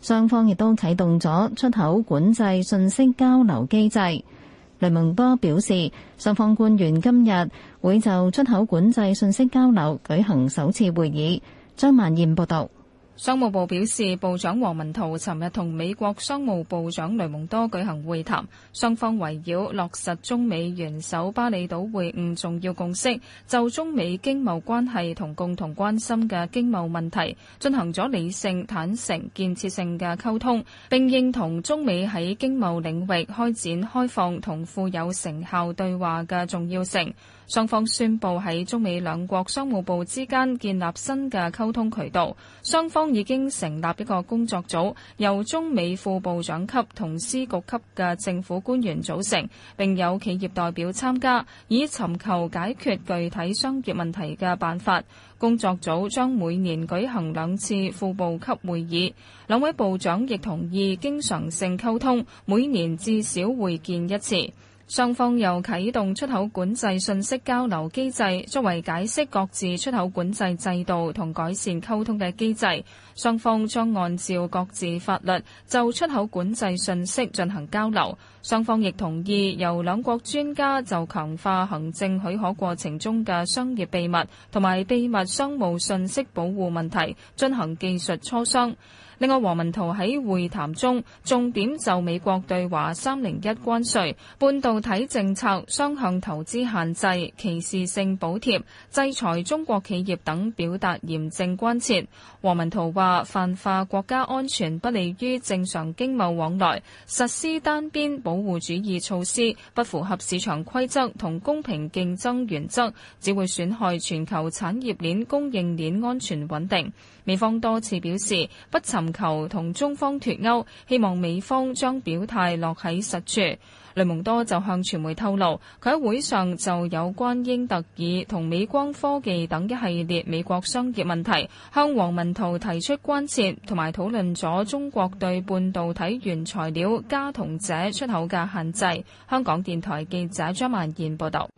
雙方亦都啟動咗出口管制信息交流機制。雷蒙多表示，雙方官員今日會就出口管制信息交流舉行首次會議，張萬燕報道。商務部表示，部長王文濤尋日同美國商務部長雷蒙多舉行會談，雙方圍繞落實中美元首巴厘島會晤重要共識，就中美經貿關係同共同關心嘅經貿問題進行咗理性、坦誠、建設性嘅溝通，並認同中美喺經貿領域開展開放同富有成效對話嘅重要性。雙方宣布喺中美兩國商務部之間建立新嘅溝通渠道。雙方已經成立一個工作組，由中美副部長級同司局級嘅政府官員組成，並有企業代表參加，以尋求解決具體商業問題嘅辦法。工作組將每年舉行兩次副部級會議，兩位部長亦同意經常性溝通，每年至少會見一次。雙方又啟動出口管制信息交流機制，作為解釋各自出口管制制度同改善溝通嘅機制。雙方將按照各自法律，就出口管制信息進行交流。雙方亦同意由兩國專家就強化行政許可過程中嘅商業秘密同埋秘密商務信息保護問題進行技術磋商。另外，王文濤喺會談中重點就美國對華三零一關稅、半導體政策、雙向投資限制、歧視性補貼、制裁中國企業等表達嚴正關切。王文濤話，泛化國家安全不利於正常經貿往來，實施單邊保護主義措施不符合市場規則同公平競爭原則，只會損害全球產業鏈供應鏈安全穩定。美方多次表示不尋。求同中方脫鈎，希望美方將表態落喺實處。雷蒙多就向傳媒透露，佢喺會上就有關英特爾同美光科技等一系列美國商業問題，向黃文濤提出關切，同埋討論咗中國對半導體原材料鎵同鍺出口嘅限制。香港電台記者張曼燕報道。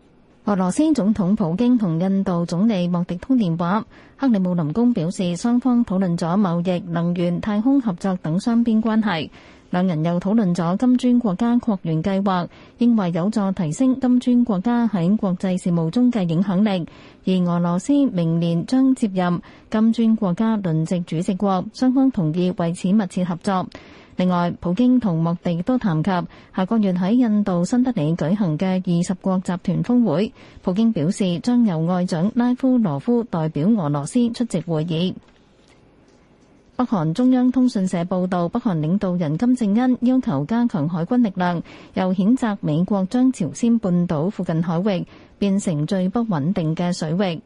俄羅斯總統普京同印度總理莫迪通電話，克里姆林宮表示，雙方討論咗貿易、能源、太空合作等雙邊關係。兩人又討論咗金磚國家擴員計劃，認為有助提升金磚國家喺國際事務中嘅影響力。而俄羅斯明年將接任金磚國家輪值主席國，雙方同意為此密切合作。另外，普京同莫迪都談及下個月喺印度新德里舉行嘅二十國集團峰會。普京表示將由外長拉夫羅夫代表俄羅斯出席會議。北韓中央通訊社報道，北韓領導人金正恩要求加強海軍力量，又譴責美國將朝鮮半島附近海域變成最不穩定嘅水域。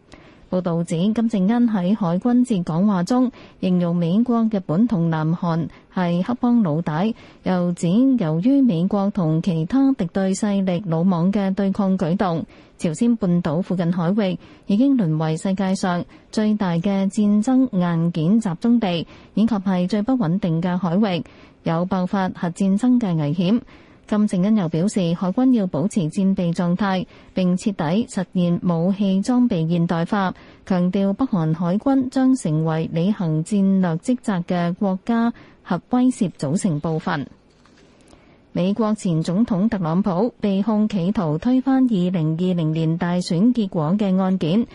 報道指，金正恩喺海軍節講話中形容美國、日本同南韓係黑幫老大，又指由於美國同其他敵對勢力魯莽嘅對抗舉動，朝鮮半島附近海域已經淪為世界上最大嘅戰爭硬件集中地，以及係最不穩定嘅海域，有爆發核戰爭嘅危險。金正恩又表示，海軍要保持戰備狀態，並徹底實現武器裝備現代化。強調北韓海軍將成為履行戰略職責嘅國家核威懾組成部分。美國前總統特朗普被控企圖推翻二零二零年大選結果嘅案件，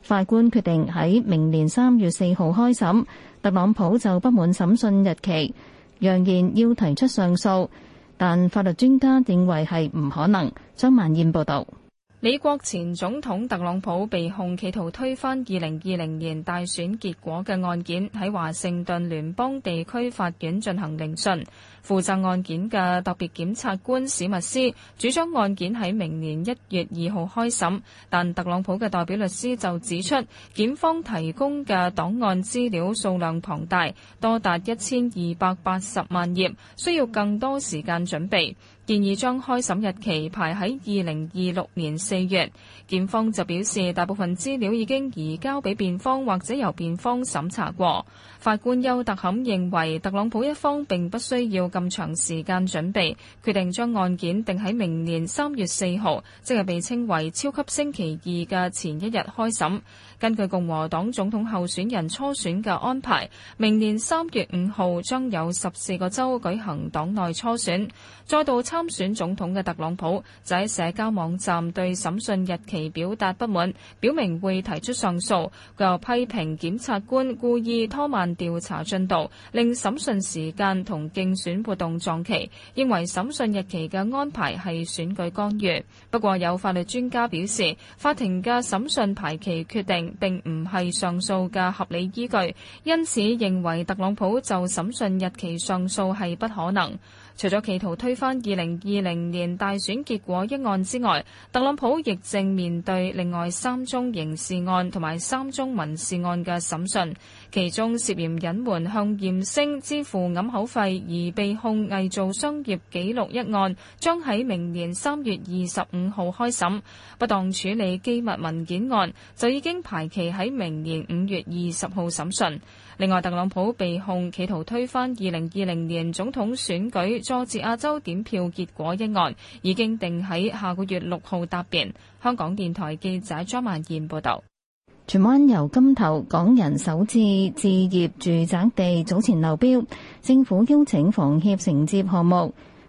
法官決定喺明年三月四號開審。特朗普就不滿審訊日期，揚言要提出上訴。但法律專家認為，係唔可能。張萬燕報道。美國前總統特朗普被控企圖推翻二零二零年大選結果嘅案件，喺華盛頓聯邦地區法院進行聆訊。負責案件嘅特別檢察官史密斯主張案件喺明年一月二號開審，但特朗普嘅代表律師就指出，檢方提供嘅檔案資料數量龐大，多達一千二百八十萬頁，需要更多時間準備。建議將開審日期排喺二零二六年四月，檢方就表示大部分資料已經移交俾辯方或者由辯方審查過。法官丘特坎認為特朗普一方並不需要咁長時間準備，決定將案件定喺明年三月四號，即係被稱為「超級星期二」嘅前一日開審。根據共和黨總統候選人初選嘅安排，明年三月五號將有十四個州舉行黨內初選，再度參選總統嘅特朗普就喺社交網站對審訊日期表達不滿，表明會提出上訴，佢又批評檢察官故意拖慢。調查進度令審訊時間同競選活動撞期，認為審訊日期嘅安排係選舉干預。不過有法律專家表示，法庭嘅審訊排期決定並唔係上訴嘅合理依據，因此認為特朗普就審訊日期上訴係不可能。除咗企圖推翻二零二零年大選結果一案之外，特朗普亦正面對另外三宗刑事案同埋三宗民事案嘅審訊，其中涉嫌隱瞞向艷星支付揞口費而被控偽造商業紀錄一案，將喺明年三月二十五號開審；不當處理機密文件案就已經排期喺明年五月二十號審訊。另外，特朗普被控企圖推翻二零二零年總統選舉，佐治亞州點票結果一案，已經定喺下個月六號答辯。香港電台記者張曼賢報導。荃灣油柑頭港人首次置業住宅地早前流標，政府邀請房協承接項目。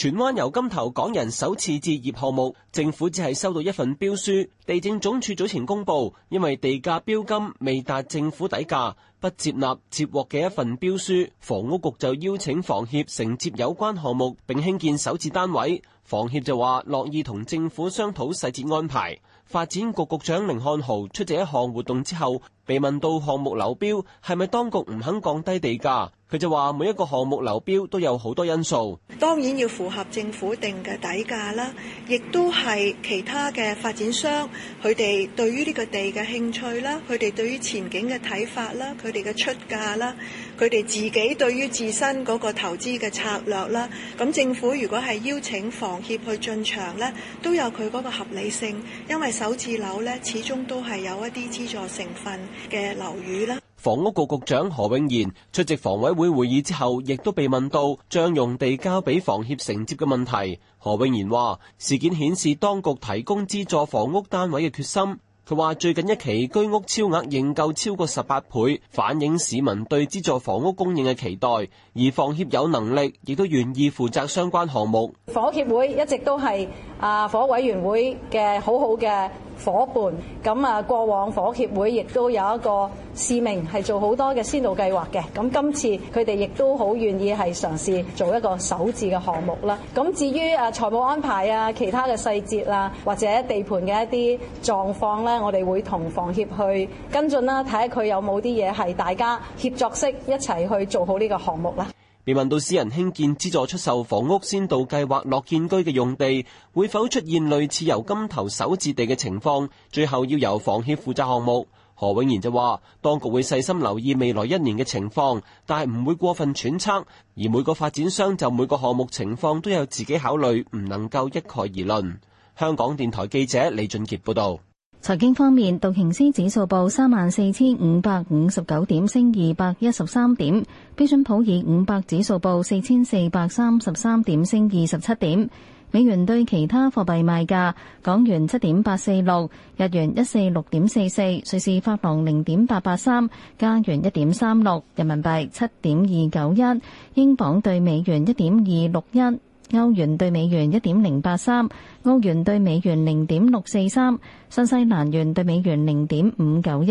荃灣油金頭港人首次置業項目，政府只係收到一份標書。地政總署早前公佈，因為地價標金未達政府底價，不接納接獲嘅一份標書。房屋局就邀請房協承接有關項目並興建首次單位，房協就話樂意同政府商討細節安排。發展局局長甯漢豪出席一項活動之後。被問到項目流標係咪當局唔肯降低地價，佢就話每一個項目流標都有好多因素，當然要符合政府定嘅底價啦，亦都係其他嘅發展商佢哋對於呢個地嘅興趣啦，佢哋對於前景嘅睇法啦，佢哋嘅出價啦，佢哋自己對於自身嗰個投資嘅策略啦，咁政府如果係邀請房協去進場咧，都有佢嗰個合理性，因為首置樓咧始終都係有一啲資助成分。嘅樓宇啦，房屋局局長何永賢出席房委會會議之後，亦都被問到將用地交俾房協承接嘅問題。何永賢話：事件顯示當局提供資助房屋單位嘅決心。佢話最近一期居屋超額認購超過十八倍，反映市民對資助房屋供應嘅期待，而房協有能力，亦都願意負責相關項目。房屋協會一直都係啊房屋委員會嘅好好嘅伙伴咁啊，火過往房協會亦都有一個市民係做好多嘅先導計劃嘅，咁今次佢哋亦都好願意係嘗試做一個首置嘅項目啦。咁至於啊財務安排啊，其他嘅細節啊，或者地盤嘅一啲狀況呢，我哋會同房協去跟進啦、啊，睇下佢有冇啲嘢係大家協作式一齊去做好呢個項目啦。被問到私人興建資助出售房屋先導計劃樂建居嘅用地會否出現類似由金頭首置地嘅情況，最後要由房協負責項目，何永賢就話：當局會細心留意未來一年嘅情況，但係唔會過分揣測。而每個發展商就每個項目情況都有自己考慮，唔能夠一概而論。香港電台記者李俊傑報道。財經方面，道瓊斯指數報三萬四千五百五十九點，升二百一十三點；標準普爾五百指數報四千四百三十三點，升二十七點。美元對其他貨幣賣價：港元七點八四六，日元一四六點四四，瑞士法郎零點八八三，加元一點三六，人民幣七點二九一，英鎊對美元一點二六一。歐元對美元一點零八三，歐元對美元零點六四三，新西蘭元對美元零點五九一，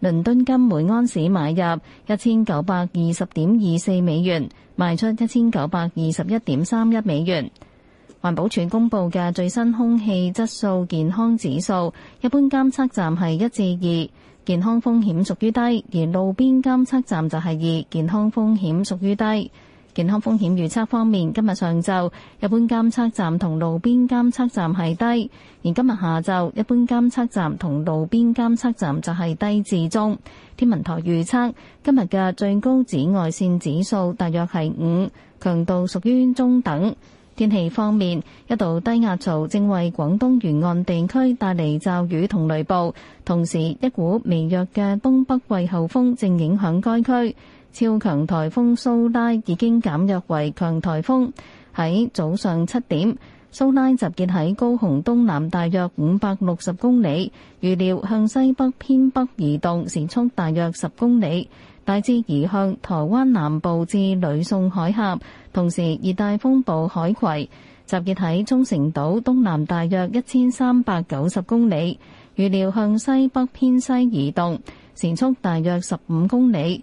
倫敦金每安士買入一千九百二十點二四美元，賣出一千九百二十一點三一美元。環保署公布嘅最新空氣質素健康指數，一般監測站係一至二，健康風險屬於低；而路邊監測站就係二，健康風險屬於低。健康風險預測方面，今日上晝一般監測站同路邊監測站係低；而今日下晝一般監測站同路邊監測站就係低至中。天文台預測今日嘅最高紫外線指數大約係五，強度屬於中等。天氣方面，一道低壓槽正為廣東沿岸地區帶嚟驟雨同雷暴，同時一股微弱嘅東北季候風正影響該區。超強台風蘇拉已經減弱為強台風。喺早上七點，蘇拉集結喺高雄東南大約五百六十公里，預料向西北偏北移動，時速大約十公里，大致移向台灣南部至呂宋海峽。同時，熱帶風暴海葵集結喺沖繩島東南大約一千三百九十公里，預料向西北偏西移動，時速大約十五公里。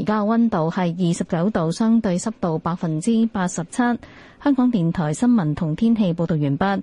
而家溫度係二十九度，相對濕度百分之八十七。香港電台新聞同天氣報道完畢。